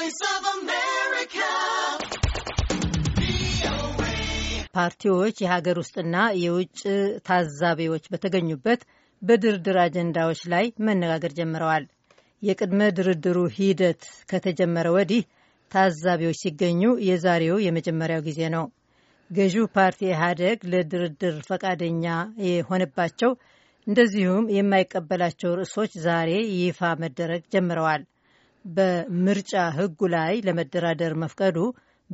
Voice of America. ፓርቲዎች የሀገር ውስጥና የውጭ ታዛቢዎች በተገኙበት በድርድር አጀንዳዎች ላይ መነጋገር ጀምረዋል። የቅድመ ድርድሩ ሂደት ከተጀመረ ወዲህ ታዛቢዎች ሲገኙ የዛሬው የመጀመሪያው ጊዜ ነው። ገዢው ፓርቲ ኢህአደግ ለድርድር ፈቃደኛ የሆነባቸው እንደዚሁም የማይቀበላቸው ርዕሶች ዛሬ ይፋ መደረግ ጀምረዋል። በምርጫ ሕጉ ላይ ለመደራደር መፍቀዱ፣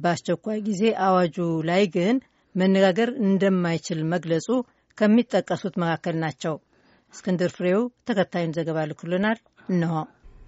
በአስቸኳይ ጊዜ አዋጁ ላይ ግን መነጋገር እንደማይችል መግለጹ ከሚጠቀሱት መካከል ናቸው። እስክንድር ፍሬው ተከታዩን ዘገባ ልኩልናል። እንሆ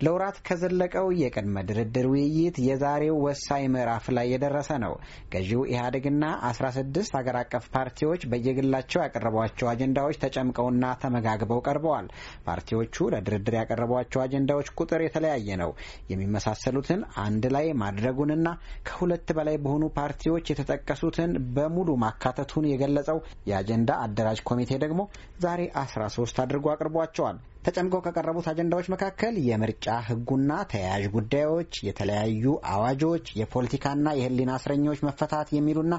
ለውራት ከዘለቀው የቅድመ ድርድር ውይይት የዛሬው ወሳኝ ምዕራፍ ላይ የደረሰ ነው። ገዢው ኢህአዴግና 16 ሀገር አቀፍ ፓርቲዎች በየግላቸው ያቀረቧቸው አጀንዳዎች ተጨምቀውና ተመጋግበው ቀርበዋል። ፓርቲዎቹ ለድርድር ያቀረቧቸው አጀንዳዎች ቁጥር የተለያየ ነው። የሚመሳሰሉትን አንድ ላይ ማድረጉንና ከሁለት በላይ በሆኑ ፓርቲዎች የተጠቀሱትን በሙሉ ማካተቱን የገለጸው የአጀንዳ አደራጅ ኮሚቴ ደግሞ ዛሬ 13 አድርጎ አቅርቧቸዋል። ተጨምቀው ከቀረቡት አጀንዳዎች መካከል የምርጫ ሕጉና ተያያዥ ጉዳዮች፣ የተለያዩ አዋጆች፣ የፖለቲካና የሕሊና እስረኞች መፈታት የሚሉና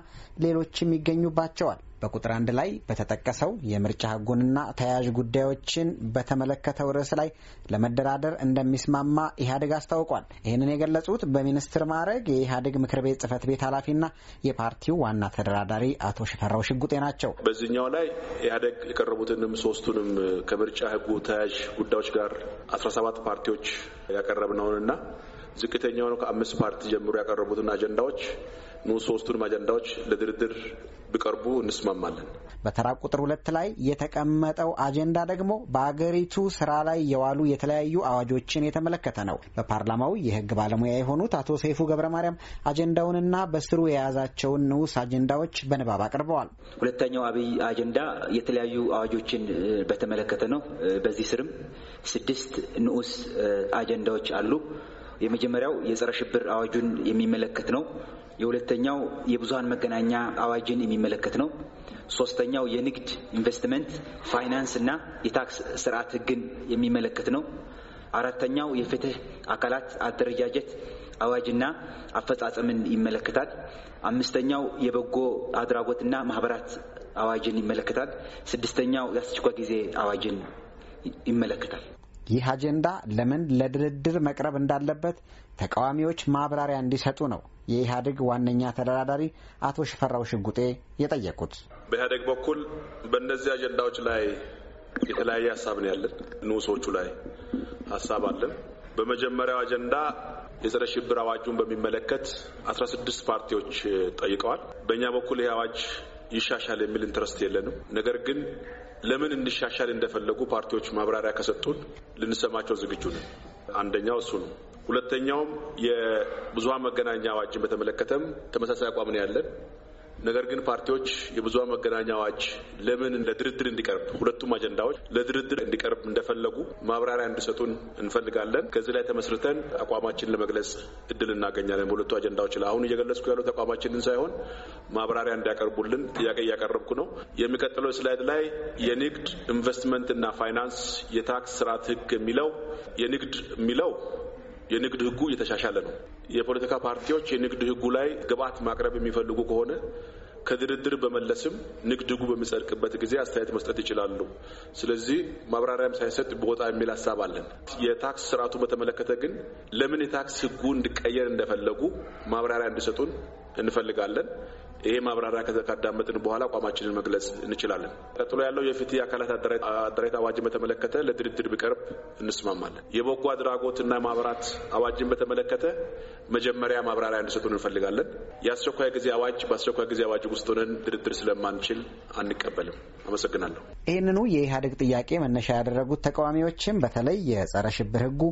ሌሎችም ይገኙባቸዋል። በቁጥር አንድ ላይ በተጠቀሰው የምርጫ ህጉንና ተያያዥ ጉዳዮችን በተመለከተው ርዕስ ላይ ለመደራደር እንደሚስማማ ኢህአዴግ አስታውቋል። ይህንን የገለጹት በሚኒስትር ማዕረግ የኢህአዴግ ምክር ቤት ጽህፈት ቤት ኃላፊና የፓርቲው ዋና ተደራዳሪ አቶ ሽፈራው ሽጉጤ ናቸው። በዚህኛው ላይ ኢህአዴግ የቀረቡትንም ሶስቱንም ከምርጫ ህጉ ተያያዥ ጉዳዮች ጋር አስራ ሰባት ፓርቲዎች ያቀረብነውንና ዝቅተኛውን ከአምስት ፓርቲ ጀምሮ ያቀረቡትን አጀንዳዎች ኑ ሶስቱንም አጀንዳዎች ለድርድር ቢቀርቡ እንስማማለን። በተራ ቁጥር ሁለት ላይ የተቀመጠው አጀንዳ ደግሞ በአገሪቱ ስራ ላይ የዋሉ የተለያዩ አዋጆችን የተመለከተ ነው። በፓርላማው የህግ ባለሙያ የሆኑት አቶ ሰይፉ ገብረ ማርያም አጀንዳውንና በስሩ የያዛቸውን ንዑስ አጀንዳዎች በንባብ አቅርበዋል። ሁለተኛው አብይ አጀንዳ የተለያዩ አዋጆችን በተመለከተ ነው። በዚህ ስርም ስድስት ንዑስ አጀንዳዎች አሉ። የመጀመሪያው የጸረ ሽብር አዋጁን የሚመለከት ነው። የሁለተኛው የብዙሀን መገናኛ አዋጅን የሚመለከት ነው። ሶስተኛው የንግድ ኢንቨስትመንት፣ ፋይናንስ እና የታክስ ስርዓት ህግን የሚመለከት ነው። አራተኛው የፍትህ አካላት አደረጃጀት አዋጅና አፈጻጸምን ይመለከታል። አምስተኛው የበጎ አድራጎትና ማህበራት አዋጅን ይመለከታል። ስድስተኛው የአስቸኳይ ጊዜ አዋጅን ይመለከታል። ይህ አጀንዳ ለምን ለድርድር መቅረብ እንዳለበት ተቃዋሚዎች ማብራሪያ እንዲሰጡ ነው የኢህአዴግ ዋነኛ ተደራዳሪ አቶ ሽፈራው ሽጉጤ የጠየቁት። በኢህአዴግ በኩል በእነዚህ አጀንዳዎች ላይ የተለያየ ሀሳብ ነው ያለን። ንዑሶቹ ላይ ሀሳብ አለን። በመጀመሪያው አጀንዳ የጸረ ሽብር አዋጁን በሚመለከት አስራ ስድስት ፓርቲዎች ጠይቀዋል። በእኛ በኩል ይህ አዋጅ ይሻሻል የሚል ኢንትረስት የለንም። ነገር ግን ለምን እንዲሻሻል እንደፈለጉ ፓርቲዎች ማብራሪያ ከሰጡን ልንሰማቸው ዝግጁ ነን። አንደኛው እሱ ነው። ሁለተኛውም የብዙሀን መገናኛ አዋጅን በተመለከተም ተመሳሳይ አቋም ነው ያለን። ነገር ግን ፓርቲዎች የብዙሀን መገናኛ አዋጅ ለምን ለድርድር እንዲቀርብ ሁለቱም አጀንዳዎች ለድርድር እንዲቀርብ እንደፈለጉ ማብራሪያ እንዲሰጡን እንፈልጋለን። ከዚህ ላይ ተመስርተን አቋማችንን ለመግለጽ እድል እናገኛለን። በሁለቱ አጀንዳዎች ላይ አሁን እየገለጽኩ ያሉ ተቋማችንን ሳይሆን ማብራሪያ እንዲያቀርቡልን ጥያቄ እያቀረብኩ ነው። የሚቀጥለው ስላይድ ላይ የንግድ ኢንቨስትመንትና ፋይናንስ የታክስ ስርዓት ህግ የሚለው የንግድ የሚለው የንግድ ህጉ እየተሻሻለ ነው። የፖለቲካ ፓርቲዎች የንግድ ህጉ ላይ ግብዓት ማቅረብ የሚፈልጉ ከሆነ ከድርድር በመለስም ንግድ ህጉ በሚጸድቅበት ጊዜ አስተያየት መስጠት ይችላሉ። ስለዚህ ማብራሪያም ሳይሰጥ ቦታ የሚል ሀሳብ አለን። የታክስ ስርዓቱ በተመለከተ ግን ለምን የታክስ ህጉ እንዲቀየር እንደፈለጉ ማብራሪያ እንዲሰጡን እንፈልጋለን። ይሄ ማብራሪያ ከዛ ካዳመጥን በኋላ አቋማችንን መግለጽ እንችላለን። ቀጥሎ ያለው የፍትህ አካላት አደራጀት አዋጅን በተመለከተ ለድርድር ቢቀርብ እንስማማለን። የበጎ እና ማብራት አዋጅን በተመለከተ መጀመሪያ ማብራሪያ እንዲሰጡን እንፈልጋለን። የአስቸኳይ ጊዜ አዋጅ በአስቸኳይ ጊዜ አዋጅ ውስጥ ሆነን ድርድር ስለማንችል አንቀበልም። አመሰግናለሁ። ይህንኑ የኢህአዴግ ጥያቄ መነሻ ያደረጉት ተቃዋሚዎችም በተለይ የጸረ ሽብር ህጉ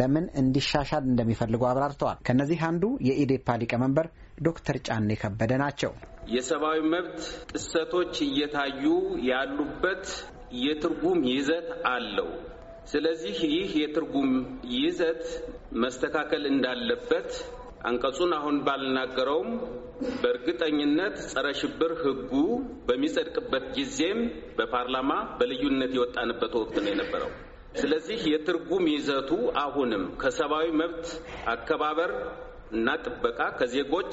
ለምን እንዲሻሻል እንደሚፈልጉ አብራርተዋል። ከእነዚህ አንዱ የኢዴፓ ሊቀመንበር ዶክተር ጫኔ ከበደ ናቸው። የሰብአዊ መብት ጥሰቶች እየታዩ ያሉበት የትርጉም ይዘት አለው። ስለዚህ ይህ የትርጉም ይዘት መስተካከል እንዳለበት አንቀጹን አሁን ባልናገረውም በእርግጠኝነት ጸረ ሽብር ሕጉ በሚጸድቅበት ጊዜም በፓርላማ በልዩነት የወጣንበት ወቅት ነው የነበረው። ስለዚህ የትርጉም ይዘቱ አሁንም ከሰብአዊ መብት አከባበር እና ጥበቃ ከዜጎች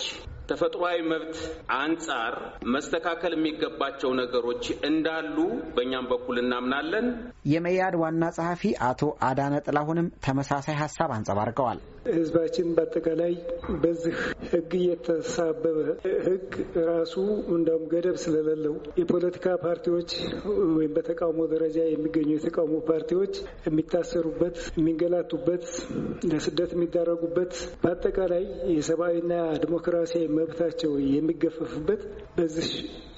ተፈጥሯዊ መብት አንጻር መስተካከል የሚገባቸው ነገሮች እንዳሉ በእኛም በኩል እናምናለን። የመያድ ዋና ጸሐፊ አቶ አዳነ ጥላሁንም ተመሳሳይ ሀሳብ አንጸባርቀዋል። ህዝባችን በአጠቃላይ በዚህ ህግ እየተሳበበ ህግ ራሱ እንደውም ገደብ ስለሌለው የፖለቲካ ፓርቲዎች ወይም በተቃውሞ ደረጃ የሚገኙ የተቃውሞ ፓርቲዎች የሚታሰሩበት፣ የሚንገላቱበት፣ ለስደት የሚዳረጉበት በአጠቃላይ የሰብአዊና ዲሞክራሲያዊ መብታቸው የሚገፈፍበት በዚህ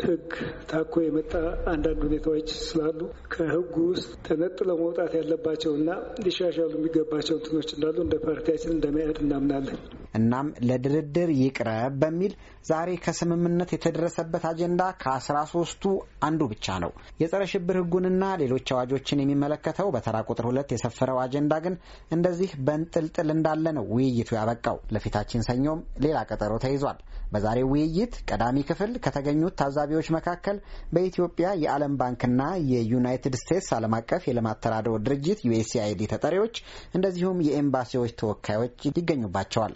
ህግ ታኮ የመጣ አንዳንድ ሁኔታዎች ስላሉ ከህጉ ውስጥ ተነጥለው መውጣት ያለባቸውና ሊሻሻሉ የሚገባቸው እንትኖች እንዳሉ እንደ ፓርቲያችን እንደሚያሄድ እናምናለን። እናም ለድርድር ይቅረብ በሚል ዛሬ ከስምምነት የተደረሰበት አጀንዳ ከአስራ ሶስቱ አንዱ ብቻ ነው። የጸረ ሽብር ህጉንና ሌሎች አዋጆችን የሚመለከተው በተራ ቁጥር ሁለት የሰፈረው አጀንዳ ግን እንደዚህ በንጥልጥል እንዳለ ነው ውይይቱ ያበቃው። ለፊታችን ሰኞም ሌላ ቀጠሮ ተይዟል። በዛሬው ውይይት ቀዳሚ ክፍል ከተገኙት ታዛቢዎች መካከል በኢትዮጵያ የዓለም ባንክና የዩናይትድ ስቴትስ ዓለም አቀፍ የልማት ተራድኦ ድርጅት ዩኤስኤአይዲ ተጠሪዎች እንደዚሁም የኤምባሲዎች ተወካዮች ይገኙባቸዋል።